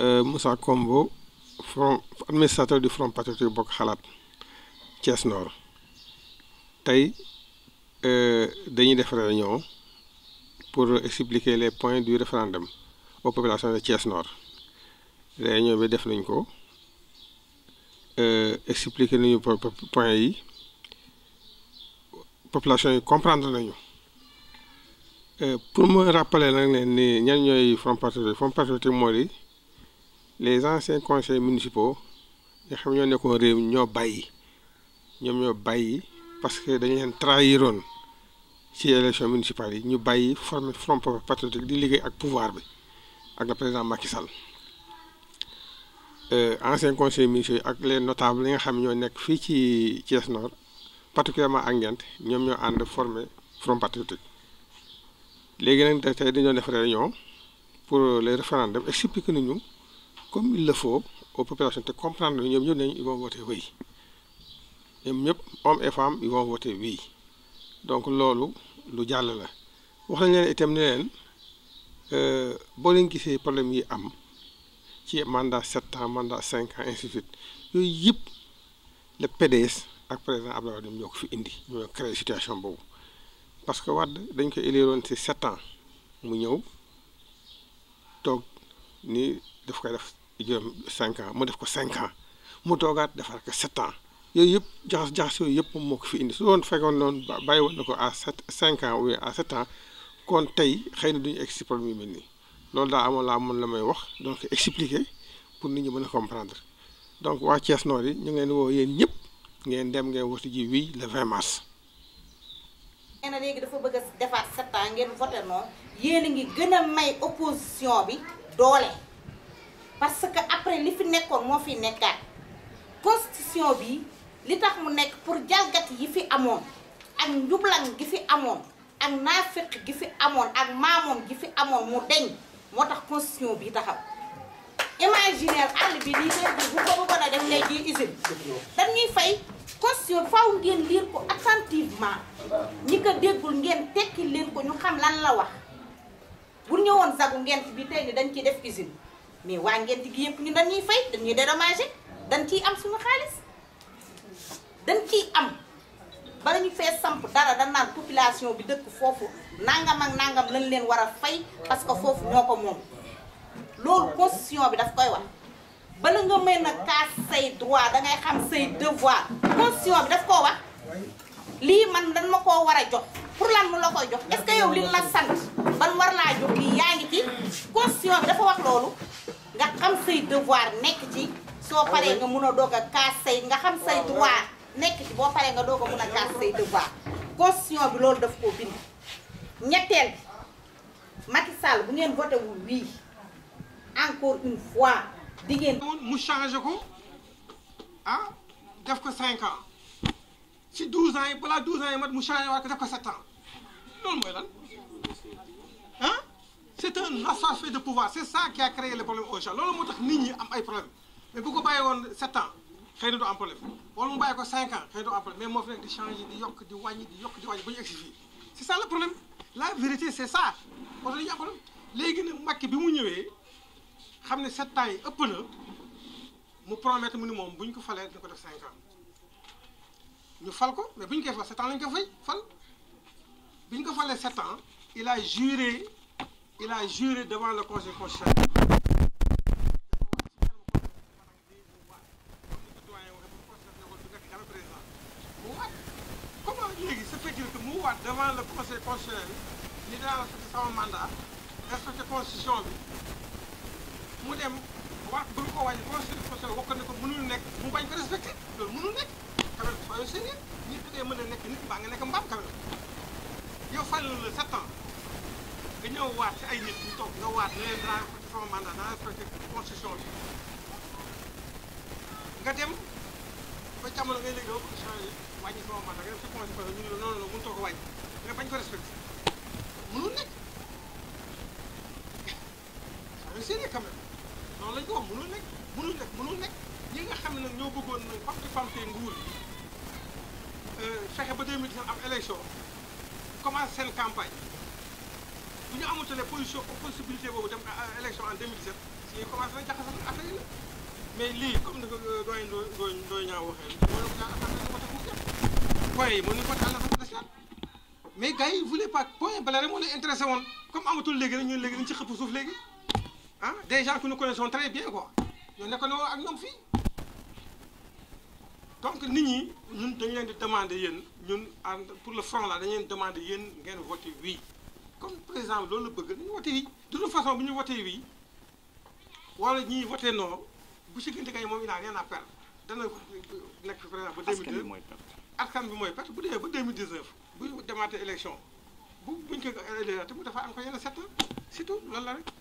Euh, Moussa Kombo front administrateur du front patriotique bokk xalaat Thiès Nord tey euh, dañuy def réunion pour expliquer les points du référendum aux populations de Thiès Nord réunion bi def nañ ko euh, expliquer nañu point yi population yi comprendre nañu pour me rappeler nag leen ni ñan ñooy front patriotique front patriotique moo di les anciens conseils municipaux nga xam ñoo nekkoon réew ñoo bàyyi ñoom ñoo bàyyi parce que dañu leen trahiroon ci élection municipale yi ñu bàyyi former front patriotique di liggéey ak pouvoir bi ak le président Macky Sall euh, anciens conseils municipaux ak les notables yi nga xam ñoo nekk fii ci Thiès Nord particulièrement ak Ngent ñoom ñoo ànd former front patriotique léegi nag tey dañoo def réunion pour les référendum expliqué ñu comme il le faut aux populations te comprendre ñoom ñëpp nañu ils vont voter oui ñoom ñëpp hommes et femmes ils vont voter donc loolu lu jàll la wax nañ leen itam ne leen euh, boo leen gisee problème yi am ci mandat sept ans mandat cinq ans ainsi de suite yooyu yëpp le PDS ak président Abdoulaye Wade ñoo ko fi indi ñoo créé situation boobu parce que Wade dañ ko éliroon ci sept ans mu ñëw toog ni daf koy def juróom cinq ans mu def ko cinq ans mu toogaat defar ko sept ans yooyu yëpp jaxas jaxas yooyu yëpp moo ko fi indi su doon fekkoon noonu bàyyi woon na ko à sept ans kon tey xëy na du ñu egg si problème yu mel nii loolu daa amoon laa mën la may wax donc expliquer pour nit ñi mën a comprendre donc waa Thiès Nord yi ñu ngeen leen woo yéen ñëpp ngeen dem ngeen wuti ji wii le 20 mars. nee léegi dafa bëgg a defaat ans ngeen voté noonu yéen ngi gën may opposition parce que après li fi nekkoon moo fi nekkaat constitution bi li tax mu nekk pour jalgati yi fi amoon ak njublan gi fi amoon ak naafiq gi fi amoon ak maamoon gi fi amoon mu deñ moo tax constitution bi taxaw imaginaire àll bi nii léegi bu ko bëggoon a def léegi usine dañuy fay constitution faaw ngeen lire ko attentivement ñi ko déggul ngeen tekki leen ko ñu xam lan la wax bu ñëwoon zagu ngent bi tey ni dañ ci def usine mais waa ngent gi yëpp ñu dañuy fay dañuy dédommagé dañ ciy am suñu xaalis dañ ciy am bala ñu fee samp dara dañ naan population bi dëkk foofu nangam ak nangam lañ leen war a fay parce que foofu moo ko moom loolu constitution bi daf koy wax bala nga mën a kaas say droit dangay xam say devoir constitution bi daf koo wax lii man dañ ma koo war a jox pour lan mu la koy jox est yow li la sant ban war laa jox lii yaa ngi ci constitution bi dafa wax loolu nga xam say devoir nekk ci soo paree nga mun a doog a kaas say nga xam say droit nekk ci boo paree nga doog a mun a kaas say devoir constitution bi loolu daf koo bind ñetteel bi bu ngeen voté wul wii encore une fois di ngeen mu changé ko ah def ko cinq ans ci douze ans yi balaa douze ans yi mat mu changé waat ko def ko sept ans loolu mooy lan un asfaw de pouvoir c'est ça qui a créé le problème au loolu moo tax nit ñi am ay problème mais bu ko bàyyi woon sept ans xëy na du am problème wala mu bàyyi ko cinq ans xëy na am problème mais moo fi nekk di changer di yokk di wàññi di yokk di wàññi ba ñu egsi c'est ça le problème la vérité c'est ça oto dañuy am problème léegi nag Macky bi mu ñëwee xam ne sept ans yi ëpp na mu promettre mu ni moom bu ñu ko falee dina ko def cinq ans ñu fal ko mais bu ñu koy fal ko fay fal bi ko falee sept ans il a il a juré devant le conseil constitutionnel comment léegi se fait-il que mu waat devant le conseil constitutionnel ni daa respecté sama mandat respecté constitution bi mu dem waat bu ñu ko wàññi conseil constitutionnel wax ne nekk mu bañ ko respecté loolu mënul nekk quand même soyons sérieux nit ki mën a nekk nit baa nga nekk mbaam quand yow fàll la sept ans nga ñëw waat si ay nit ñu toog nga waat ne leen dinaa respecté sama mandat dinaa respecté constitution nga dem ba jamono ngay léegi doo bëgg changé wàññi sama mandat nga dem si constitution bi la noonu la mënut a ko nga bañ ko respecté mënul nekk ça c'est quand même noonu lañ ko wax mënul nekk mënul nekk mënul nekk ñi nga xam ne ñoo bëggoon nag pamti pamtee nguur euh, fexe ba 2019 am élection commence seen campagne bu ñu amutale position possibilité boobu dem euh, élection en 2017 si ñuy na jaxasal affaire yi la mais lii comme ni ko euh, doyen doo doo doo ñaaw waxee mënu ko daal assemblée ko voté pour point yi mais gars yi voulaient pas point bala rek moo leen intéressé woon comme amatul léegi rek ñun léegi dañu ci xëpp suuf léegi ah des gens que nous connaissons très bien quoi ñoo nekkoon ak ñoom fii donc nit ñi ñun dañu leen di demander yéen ñun pour le front là dañu leen demander yéen ngeen voté comme président exemple loolu la bëgg nañu wote yi de toute façon bu ñu wotee wii wala ñuy wotee non bu si gënte kay moom il a rien à perdre dana nekk fi président ba 2002 askan bi mooy perte bu dee ba 2019 bu demaatee élection bu buñ ko élection te mu dafa am ko yenn sept surtout loolu la rek